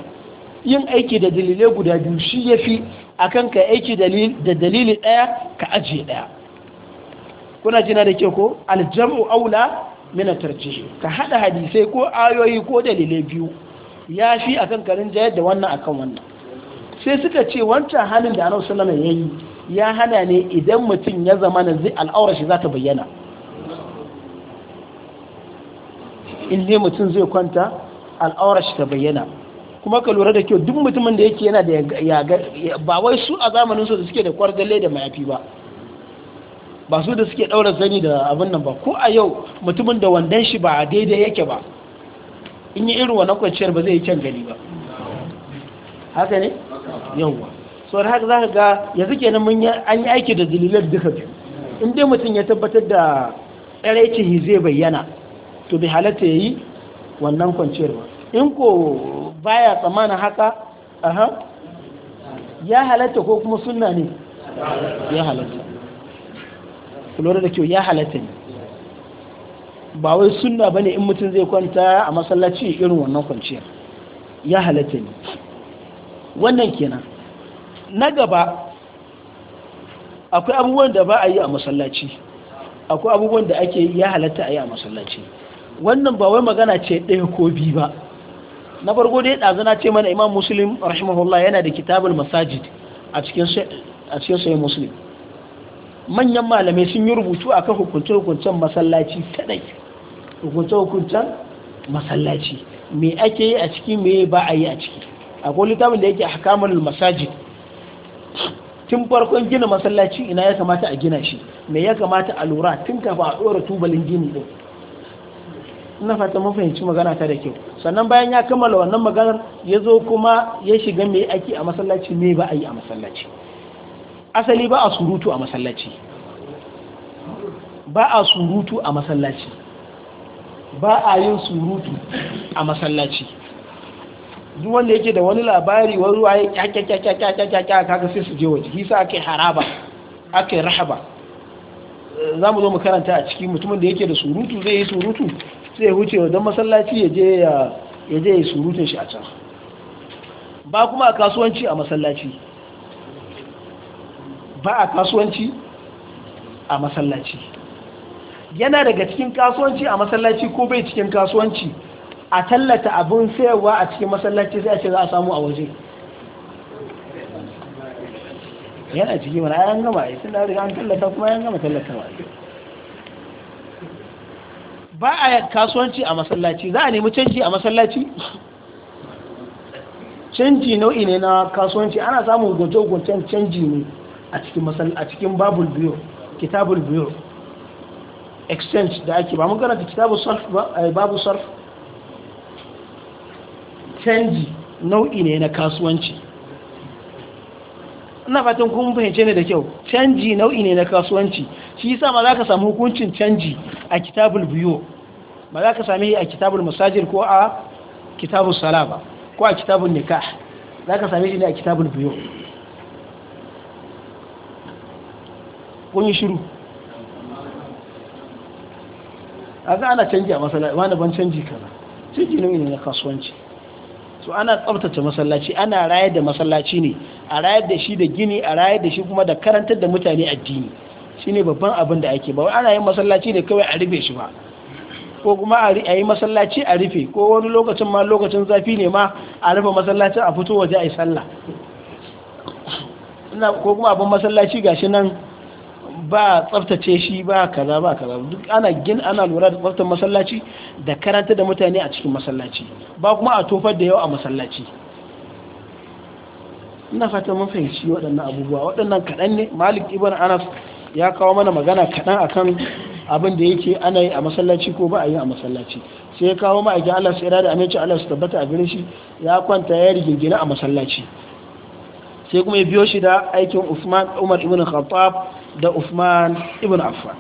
yin aiki da dalilai guda biyu shi ya fi akan ka aiki da dalili ɗaya ka ajiye ɗaya kuna jina da ke ko aljam'u aula mina tarjihi ka haɗa hadisai ko ayoyi ko dalilai biyu ya fi akan karin jayar da wannan akan wannan sai suka ce wancan halin da annabi sallama ya yi ya hana ne idan mutum ya zama na zai al'aura shi za ta bayyana in ne mutum zai kwanta al'aura shi ta bayyana kuma ka lura da kyau duk mutumin da yake yana da yagar ba wai su a zamanin su da suke da kwargalle da mayafi ba ba su da suke daura zani da abin nan ba ko a yau mutumin da wandan shi ba daidai yake ba in yi irin wannan kwanciyar ba zai yi can gani ba haka ne yawwa so da haka zaka ga yanzu kenan mun an yi aiki da dalilan duka biyu in dai mutum ya tabbatar da tsaraicin zai bayyana to bai halatta ya yi wannan kwanciyar ba in ko baya tsammanin haka aha ya halatta ko kuma sunna ne ya halatta kulura da kyau ya halatta ne ba wai sunna bane in mutum zai kwanta a masallaci irin wannan kwanciyar ya halatta ne wannan kenan na gaba akwai abubuwan da ba a yi a masallaci akwai abubuwan da ake ya halatta a yi a masallaci wannan ba wai magana ce ɗaya ko biyu ba na farko dai ɗazu na ce mana imam muslim rahimahullah yana da kitabul masajid a cikin sai muslim manyan malamai sun yi rubutu a kan hukunce-hukuncen masallaci kadai hukunce-hukuncen masallaci me ake yi a ciki me ba a yi a ciki akwai littafin da yake hakamar masajid tun farkon gina masallaci ina ya kamata a gina shi me ya kamata a lura tun kafa a ɗora tubalin gini ɗin ina fata mun fahimci magana ta da kyau sannan bayan ya kammala wannan maganar ya zo kuma ya shiga me aiki a masallaci me ba a yi a masallaci asali ba a surutu a masallaci ba a surutu a masallaci ba a yin surutu a masallaci duk wanda yake da wani labari wani ruwa ya kyakkyakkyakkyakkyakkyakka kaga sai su je waje hisa ake haraba ake rahaba za mu zo mu karanta a ciki mutumin da yake da surutu zai yi surutu sai ya wuce wajen masallaci ya je ya surutun shi a can ba kuma a kasuwanci a masallaci ba a kasuwanci a masallaci yana daga cikin kasuwanci a masallaci ko bai cikin kasuwanci a tallata abin sayarwa a cikin masallaci sai a ce za a samu a waje yana ciki mana an gama ya sun da riga an tallata kuma ya gama tallata wa ba a kasuwanci a masallaci za a nemi canji a masallaci canji nau'i ne na kasuwanci ana samun gwaje-gwajen canji ne a cikin babul biyu kitabul biyu exchange da ake ba mun karanta kitabul sarf ba eh, babu sarf canji nau'i ne na kasuwanci ina fatan kun fahimce ne da kyau canji nau'i ne na kasuwanci shi yasa ma za ka samu hukuncin canji a kitabul biyo ba za ka sami a kitabul masajir ko a kitabul salaba ko a kitabul nikah za ka sami shi ne a kitabul biyo kun yi shiru a za ana canji a masallaci na ban canji kaza canji ne na kasuwanci so ana tsabtace masallaci ana rayar da masallaci ne a rayar da shi da gini a rayar da shi kuma da karantar da mutane addini shine babban abin da ake ba ana yin masallaci ne kawai a rufe shi ba ko kuma a yi masallaci a rufe ko wani lokacin ma lokacin zafi ne ma a rufe masallacin a fito waje a yi sallah ko kuma abin masallaci gashi nan ba tsaftace shi ba kaza ba kaza duk ana gin ana lura da tsaftar masallaci da karanta da mutane a cikin masallaci ba kuma a tofar da yau a masallaci ina fata mun fahimci waɗannan abubuwa waɗannan kaɗan ne malik ibn anas ya kawo mana magana kaɗan akan abin da yake ana yi a masallaci ko ba a yi a masallaci sai ya kawo ma'aikin Allah sai da aminci Allah su tabbata a gare shi ya kwanta ya rigingina a masallaci sai kuma ya biyo shi da aikin Usman Umar ibn Khattab da Usman ibn Affan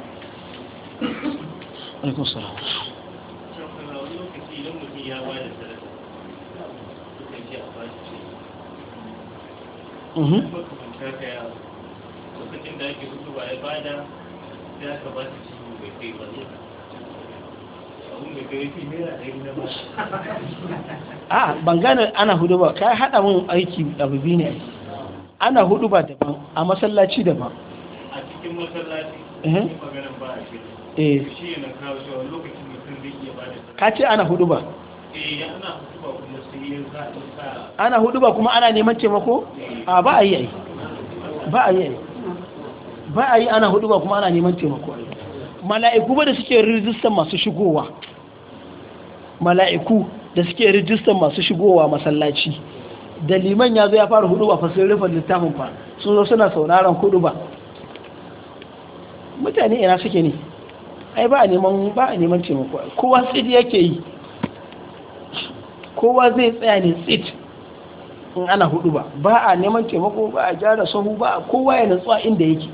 Mm-hmm. lokacin da ake hutu ba ya bada sai aka ba su ciwo bai kai ba ne kai fi a ban gane ana hudu ba kai haɗa mun aiki abu biyu ne ana hudu ba daban a masallaci daban a cikin masallaci eh, eh. shi shi kawo cewa lokacin mutum zai iya ba da ka ce ana hudu ba ana hudu ba kuma ana neman taimako eh. a ah, ba a yi ba a yi ba a yi ana hudu ba kuma ana neman taimako mala'iku ba da suke rijistar masu shigowa mala'iku da suke rijistar masu shigowa masallaci da liman ya zo ya fara hudu ba fasin rufe littafin ba sun zo suna sauraron hudu ba mutane ina suke ne ai ba a neman ba a neman taimako kowa tsid yake yi kowa zai tsaya ne tsid in ana hudu ba ba a neman taimako ba a gyara sahu ba kowa ya nutsuwa inda yake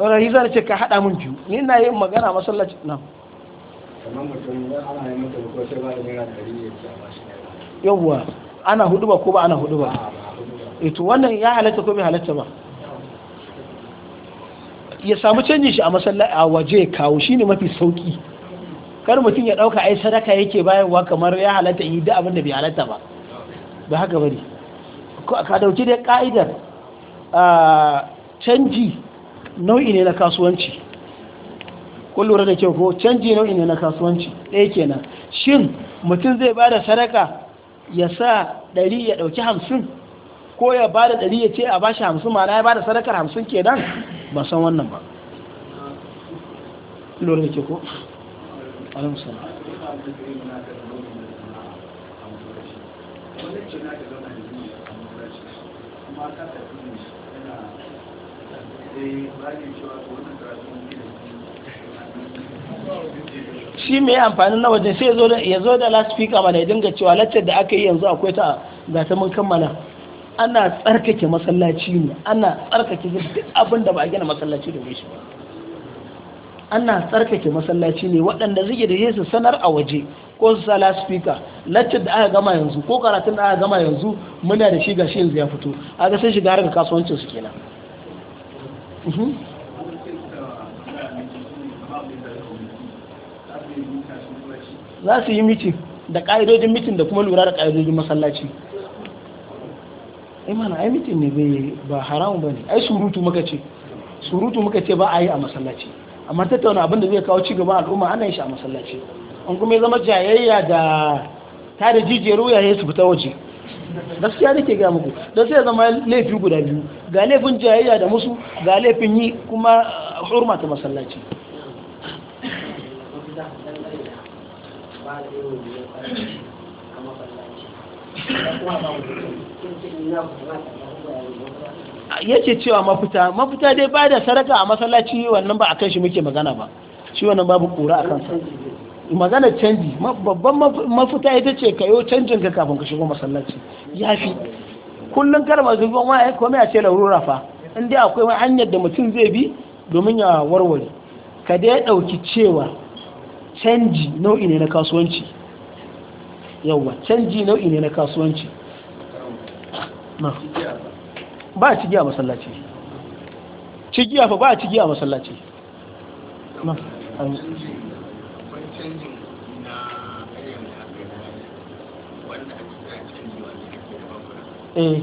saboda hizar ce ka haɗa min biyu ni na yin magana masallaci na yawwa ana hudu ba ko ba ana hudu ba ito eh, wannan ya halatta ko mai halatta ba ya samu canji shi a masallaci a waje kawo shine mafi sauki kar mutum ya dauka ai sadaka yake bayarwa kamar ya halatta yi da abin da bai halatta ba ba haka bari ka dauki dai ka'idar ah, canji nau'i ne na kasuwanci kun lura da kyau ko canji nau'i ne na kasuwanci ɗaya kenan shin mutum zai ba da sadaka ya sa ɗari ya ɗauki hamsin ko ya ba da ɗari ya ce a ba shi hamsin ma na ya ba da sadakar hamsin kenan ba san wannan ba lura da kyau ko Thank you. shi mai amfani na wajen sai ya zo da laspika mana ya dinga cewa laccar da aka yi yanzu akwai ta ga ta mun kammala ana tsarkake masallaci ne ana tsarkake duk abin da ba a gina masallaci da shi ana tsarkake masallaci ne waɗanda zai da su sanar a waje ko su sa laspika laccar da aka gama yanzu ko karatun da aka gama yanzu muna da shi ga shi yanzu ya fito ga sai shiga harkar kasuwancin su kenan Mm-hmm. za su yi mitin da ƙa'idojin mitin da kuma lura da ƙa'idojin masallaci imana eh ai mitin ne bai ba haramu ba ne ai surutu muka ce surutu muka ce ba a yi a masallaci amma tattauna abinda zai kawo ci gaba al'umma ana yi shi a masallaci an kuma ya zama jayayya da ta da jijiyar wuya ya su fita waje gaskiya nake ga muku don sai zama laifi guda biyu ga laifin jayayya da musu ga laifin yi kuma uh, hurma ta masallaci ce cewa mafita mafuta dai ba da saraka a masallaci wannan ba a kan shi muke magana ba shi wannan babu kura a kansa magana canji babban mafita ita ce ka yi canjin ka kafin ka shigo masallaci ya fi kullum kar ma zuban wa ya eh, kome a ce larura fa in dai akwai wani hanyar da mutum zai bi domin ya warware ka ya ɗauki cewa canji nau'i ne na kasuwanci yawa canji nau'i ne na kasuwanci ba a cigiya masallaci cigiya fa ba a cigiya masallaci eh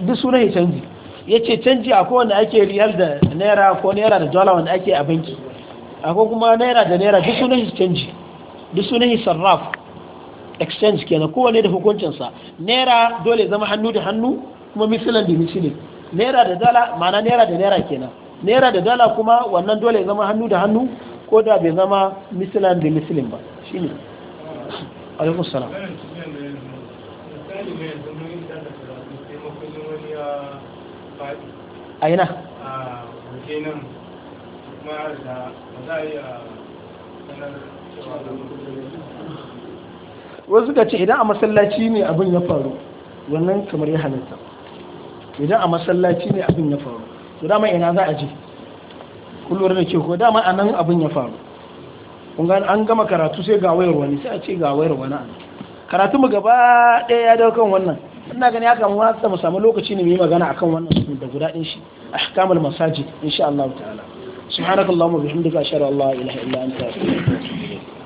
duk sunan canji ya ce canji a wanda ake riyar da naira ko naira da dola wanda ake a banki akwai kuma naira da naira duk sunan ya canji duk sunan ya sarraf exchange kenan kowane da hukuncinsa naira dole zama hannu da hannu kuma misilan da misilin naira da dala ma'ana naira da naira kenan naira da dala kuma wannan dole zama hannu da hannu ko da bai zama misilan da misilin ba shine alaikum salam a yana wasu ka ce idan a masallaci ne abin ya faru wannan kamar ya halitta idan a masallaci ne abin ya faru su dama ina za a je kullum da ke ko dama a nan abin ya faru kun an gama karatu sai ga wayar wani sai a ce ga wayar wani a mu gaba ɗaya ya daukan wannan ina gani haka mu ta mu samu lokaci ne mu yi magana akan wannan da guda din shi ahkamul masajid insha Allah ta'ala subhanakallahumma bihamdika ashhadu an la ilaha illa anta astaghfiruka wa atubu ilayk